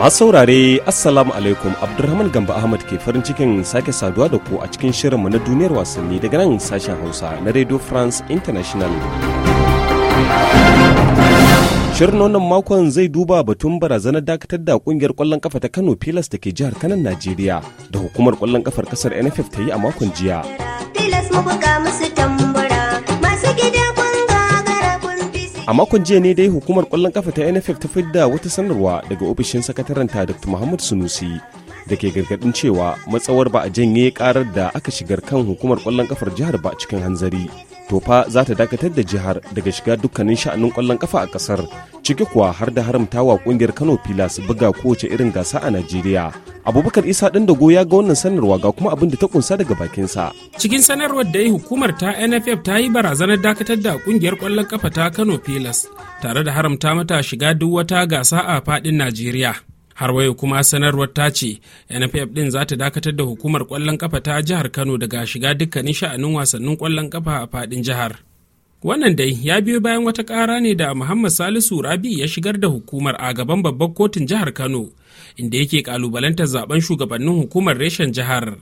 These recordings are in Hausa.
Masu saurare Assalamu alaikum Abdulrahman Gamba Ahmad ke farin cikin sake saduwa da ku a cikin shirinmu na duniyar wasanni daga nan sashen Hausa na Radio France International. Shirin wannan makon zai duba batun barazanar dakatar da kungiyar kwallon kafa ta Kano Pilas da ke jihar kanan Najeriya da hukumar kwallon kafar kasar NFF ta yi a makon jiya. a makon jiya ne dai hukumar kwallon kafa ta nff ta fidda wata sanarwa daga ofishin sakataranta dr muhammad sunusi da ke gargadin cewa matsawar ba a janye karar da aka shigar kan hukumar kwallon kafar jihar ba cikin hanzari tofa za ta dakatar da jihar daga shiga dukkanin sha'anin kwallon kafa a kasar ciki kuwa har da haramtawa kungiyar kano pilas buga kowace irin gasa a najeriya abubakar isa dan dago ya ga wannan sanarwa ga kuma abin da ta kunsa daga bakinsa cikin sanarwar da yi hukumar ta nff ta yi barazanar dakatar da kungiyar kwallon kafa ta kano pilas tare da haramta mata shiga duk wata gasa a fadin najeriya har wayo kuma sanarwar ta ce nff din za ta dakatar da hukumar kwallon kafa ta jihar kano daga shiga dukkanin sha'anin wasannin kwallon kafa a fadin jihar wannan dai ya biyo bayan wata kara ne da muhammad salisu rabi ya shigar da hukumar a gaban babbar kotun jihar kano inda yake kalubalantar zaben shugabannin hukumar reshen jihar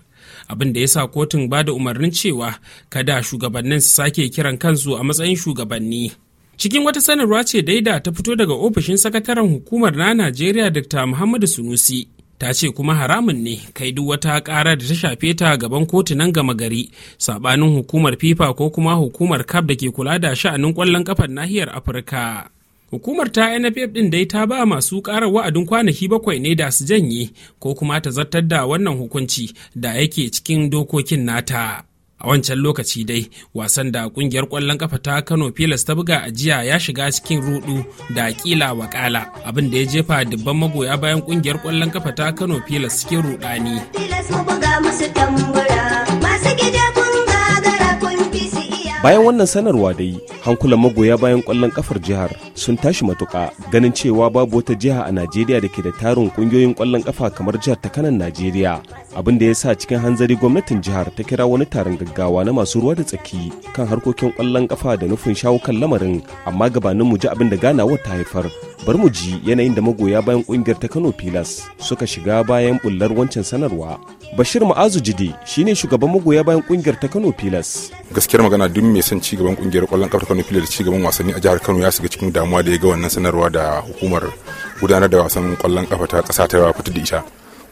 abin da ya sa kotun ba da umarnin cewa kada shugabannin su sake kiran kansu a matsayin shugabanni Cikin wata sanarwa ce daida ta fito daga ofishin sakataren hukumar na Najeriya Dr. Muhammadu Sunusi. ta ce kuma haramun ne kai duk wata ƙara da ta shafe ta gaban kotunan gama gari saɓanin hukumar fifa ko kuma hukumar cap da ke kula da sha'anin ƙwallon ƙafar nahiyar afirka hukumar ta nff din dai ta ba masu ƙarar wa'adin kwanaki bakwai ne da su janye ko kuma ta zartar da wannan hukunci da yake cikin dokokin nata a wancan lokaci dai wasan da kungiyar kwallon kafa ta kano pilas ta buga a jiya ya shiga cikin rudu da kila wakala abin da ya jefa dubban magoya bayan kungiyar kwallon kafa ta kano pilas cikin rudani bayan wannan sanarwa dai hankulan magoya bayan kwallon kafar jihar sun tashi matuka ganin cewa babu wata jiha a najeriya da ke da tarin kungiyoyin kwallon kafa kamar jihar ta kanan najeriya abin da ya sa cikin hanzari gwamnatin jihar ta kira wani taron gaggawa na masu ruwa da tsaki kan harkokin kwallon kafa da nufin shawo kan lamarin amma gabanin mu ji abin da ganawar ta haifar bar mu ji yanayin da magoya bayan kungiyar ta kano pilas suka shiga bayan bullar wancan sanarwa bashir ma'azu jide shine shugaban magoya bayan kungiyar ta kano pilas gaskiyar magana duk mai son cigaban kungiyar kwallon kafa kano pilas cigaban wasanni a jihar kano ya shiga cikin damuwa da ya ga wannan sanarwa da hukumar gudanar da wasan kwallon kafa ta kasa ta fitar da ita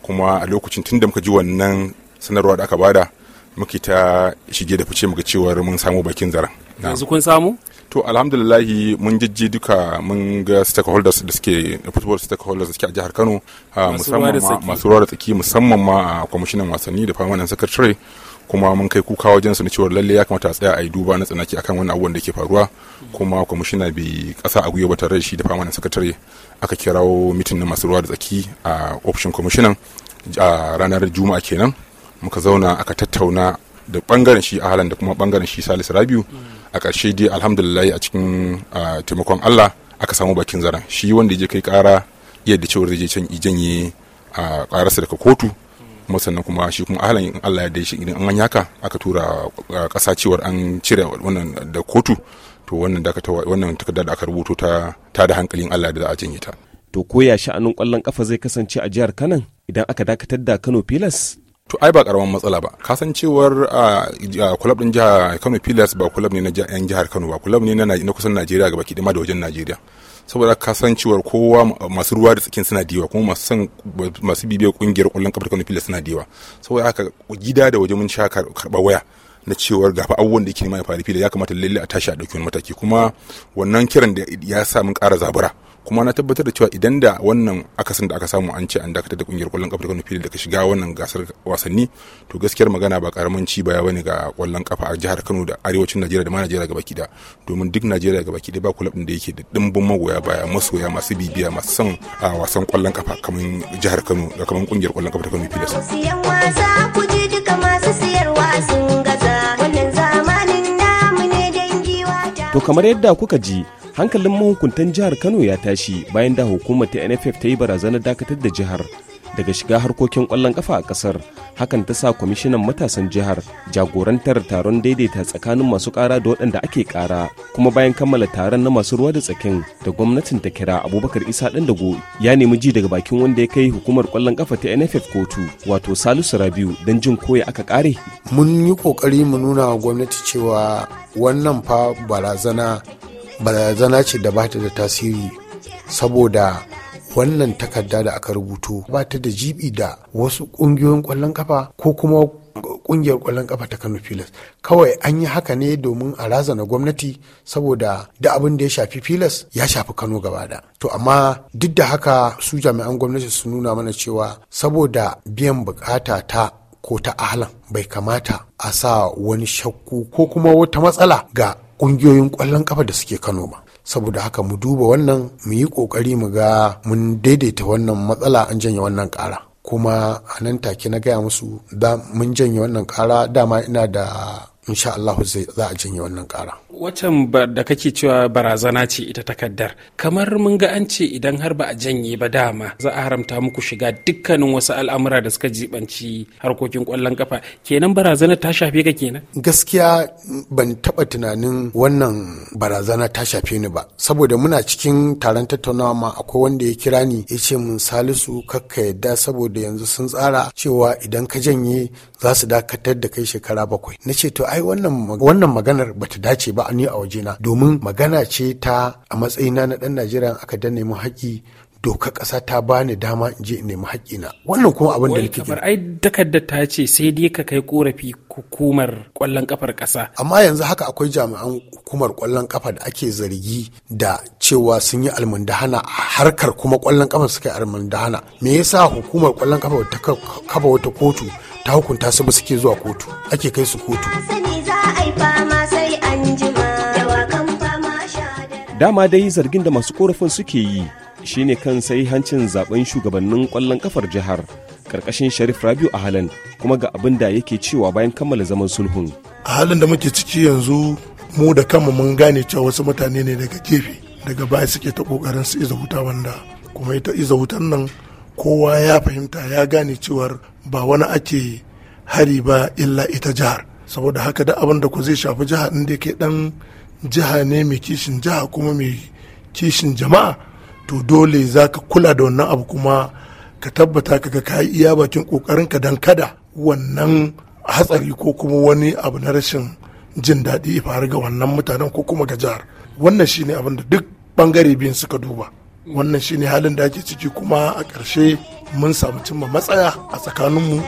kuma a lokacin tun da muka ji wannan sanarwa da aka bada muke ta shige da fice muka cewa mun samu bakin zaren yanzu kun samu to alhamdulillahi mun jijji duka mun ga stakeholders da suke football stakeholders da suke a jihar Kano musamman masu ruwa da tsaki musamman ma a kwamishinan wasanni da permanent secretary kuma mun kai kuka wajen su na cewa lalle ya kamata a tsaya a yi duba na tsanaki akan wannan abubuwan da ke faruwa kuma kwamishina bai kasa a gwiwa tare da shi da permanent secretary aka kirawo mitin na masu ruwa da tsaki a option kwamishinan a ranar juma'a kenan muka zauna aka tattauna da bangaren shi a halin da kuma bangaren shi salisu rabiu a ƙarshe dai alhamdulillah a cikin taimakon allah aka samu bakin zaren shi wanda ya je kai kara yadda cewar zai je can janye a ƙararsa daga kotu kuma sannan kuma shi kuma ahalan in allah ya shi idan an haka aka tura ƙasa cewar an cire wannan da kotu to wannan wannan da aka rubuto ta ta da hankalin allah da za a janye ta to koya sha'anin kwallon kafa zai kasance a jihar kanan idan aka dakatar da kano pilas to ai ba karaman matsala ba kasancewar kulab din jihar Kano Pillars ba kulab ne na yan jihar Kano ba kulab ne na kusan Najeriya gaba kidima da wajen Najeriya saboda kasancewar kowa masu ruwa da tsakin suna diwa kuma masu san masu bibiyar kungiyar kullun kafar Kano Pillars suna diwa saboda haka gida da waje mun sha karba waya na cewar gafa abubuwan da yake nema ya faru fili ya kamata lalle a tashi a ɗauki wani mataki kuma wannan kiran da ya sa mun kara zabura kuma na tabbatar da cewa idan da wannan akasin da aka samu an ce an dakatar da kungiyar kwallon kafa ta Kano fili daga shiga wannan gasar wasanni to gaskiyar magana ba karamin ci baya bane ga kwallon kafa a jihar Kano da arewacin Najeriya da ma Najeriya gabaki da domin duk Najeriya gabaki da ba kulab in da yake da dimbin magoya baya masoya masu bibiya masu son a ah, wasan kwallon kafa kamar jihar Kano da kamar kungiyar kwallon kafa ta Kano fili. Siyan wasa ku ji duka masu siyarwa sun gaza. To kamar yadda kuka ji hankalin mahukuntan jihar Kano ya tashi bayan da hukumar ta NFF ta yi barazanar dakatar da jihar daga shiga harkokin kwallon kafa a kasar hakan ta sa kwamishinan matasan jihar jagorantar taron daidaita tsakanin masu kara da waɗanda ake kara kuma bayan kammala taron na masu ruwa da tsakin da gwamnatin ta kira abubakar isa ɗan dago ya nemi ji daga bakin wanda ya kai hukumar kwallon kafa ta nff kotu wato salisu rabiu don jin koya aka kare mun yi kokari mu nuna wa gwamnati cewa wannan fa barazana barazana ce da bata da tasiri saboda wannan takarda da aka rubuto ba ta da jibi da wasu ƙungiyoyin ƙwallon kafa ko kuma ƙungiyar kwallon kafa ta kano pilas kawai an yi haka ne domin a razana gwamnati saboda da abin da ya shafi pilas ya shafi kano gaba da to amma duk da haka su jami'an gwamnati su nuna mana cewa saboda biyan bukata ta ko ta ahlan bai kamata a sa wani shakku ko kuma wata matsala ga kungiyoyin kwallon kafa da suke kano ba saboda haka mu duba wannan mu yi kokari mu ga mun daidaita wannan matsala an janye wannan kara kuma a nan take na gaya musu da mun janye wannan kara dama ina da insha Allah za a janye wannan kara. Wacan da kake cewa barazana ce ita takaddar. Kamar mun ga an ce idan har ba a janye ba dama za a haramta muku shiga dukkanin wasu al'amura da suka jibanci harkokin kwallon kafa. Kenan barazana ta shafe ka kenan? Gaskiya ban taba tunanin wannan barazana ta shafe ni ba. Saboda muna cikin taron tattaunawa ma akwai wanda ya kira ni ya ce mun Salisu kakka yadda saboda yanzu sun tsara cewa idan ka janye za su dakatar da kai shekara bakwai. Na ce to ai wannan wannan maganar bata dace ba ni a wajena domin magana ce ta a matsayina na dan Najeriya aka danne mu haƙi doka ƙasa ta bani dama in je in nemi na wannan kuma abin da nake kamar ai takarda ta ce sai dai ka kai korafi hukumar ƙwallon kafar ƙasa amma yanzu haka akwai jami'an hukumar kwallon kafa da ake zargi da cewa sun yi almundahana a harkar kuma kwallon kafa suka yi almundahana me yasa hukumar kwallon kafa ta kafa wata kotu ta hukunta su ba suke zuwa kotu ake kai su kotu dama dai zargin da masu korafin suke yi shine kan sai hancin zaben shugabannin kwallon kafar jihar karkashin sharif rabiu a halin kuma ga abin da yake cewa bayan kammala zaman sulhun a halin da muke ciki yanzu mu da kanmu mun gane cewa wasu mutane ne daga gefe daga baya suke ta kokarin su iza wuta wanda kuma ita iza wutan nan kowa ya fahimta ya gane cewar ba wani ake hari ba illa ita jihar saboda haka da abin da ku zai shafi jiha inda ke dan jiha ne mai kishin jiha kuma mai kishin jama'a to dole za ka kula da wannan abu kuma ka tabbata ka ga kayi iya bakin kokarin ka dan kada wannan hatsari ko kuma wani abu na rashin jin daɗi ya faru ga wannan mutanen ko kuma ga jihar wannan shine abin da duk bangare biyun suka duba wannan shine halin da ake ciki kuma a ƙarshe mun samu cimma matsaya a tsakaninmu. mu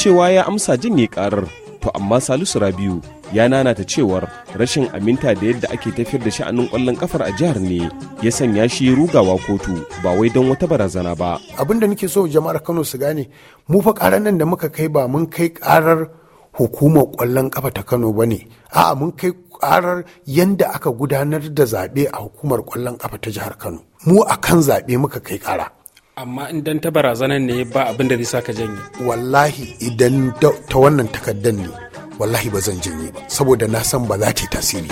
cewa ya amsa jin ne karar to amma salisu rabiu ya nana ta cewar rashin aminta da yadda ake tafiyar da sha'anin kwallon kafar a jihar ne ya sanya shi rugawa kotu ba wai don wata barazana ba abin da nake so jama'ar kano su gane mu fa karar nan da muka kai ba mun kai karar hukumar kwallon kafa ta kano ba ne a'a mun kai karar yadda aka gudanar da zaɓe a hukumar kwallon kafa ta jihar kano mu akan zaɓe muka kai kara amma in dan ta barazanar ne ba abin da zai ka janye wallahi idan ta wannan takaddan ne wallahi ba zan janye ba saboda na san ba za ta tasiri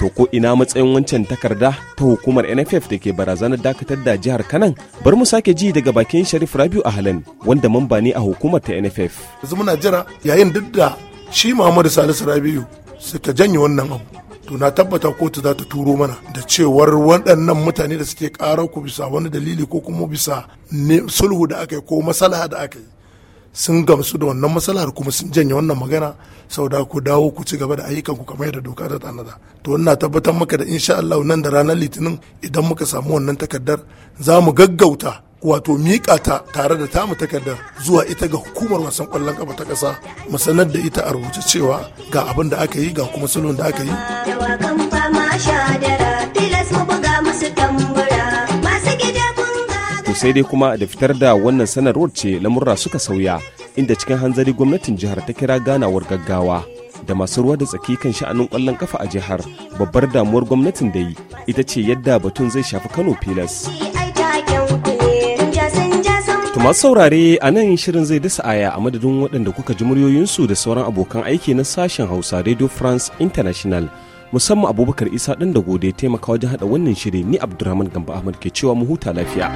to ko ina matsayin wancan takarda ta hukumar nff da ke barazanar dakatar da jihar kanan bar mu sake ji daga bakin sharif rabiu ahlan wanda mamba ne a hukumar ta nff yanzu muna jira yayin duk da shi muhammadu salisu rabiu suka janye wannan abu to na tabbata kotu za ta turo mana da cewar waɗannan mutane da suke ƙara ku bisa wani dalili ko kuma bisa sulhu da aka yi ko masalaha da aka yi sun gamsu da wannan masalar kuma sun janye wannan magana sau da ku dawo ku ci gaba da ayyukan ku kamar yadda doka ta tanada to ina tabbatar maka da insha Allah nan da ranar litinin idan muka samu wannan takardar za mu gaggauta wato miƙa ta tare da tamu takardar zuwa ita ga hukumar wasan kwallon kafa ta ƙasa mu da ita a rubuce cewa ga abin da aka yi ga kuma salon da aka yi sai dai kuma da fitar da wannan sanarwar ce lamurra suka sauya inda cikin hanzari gwamnatin jihar ta kira ganawar gaggawa da masu ruwa da tsaki kan sha'anin kwallon kafa a jihar babbar damuwar gwamnatin da yi ita ce yadda batun zai shafi kano pilas masu saurare a nan shirin zai dasa aya a madadin waɗanda kuka ji muryoyinsu da sauran abokan aiki na sashen hausa radio france international musamman abubakar isa ɗan da gode taimaka wajen haɗa wannan shiri ni abdulrahman gamba ahmad ke cewa mu huta lafiya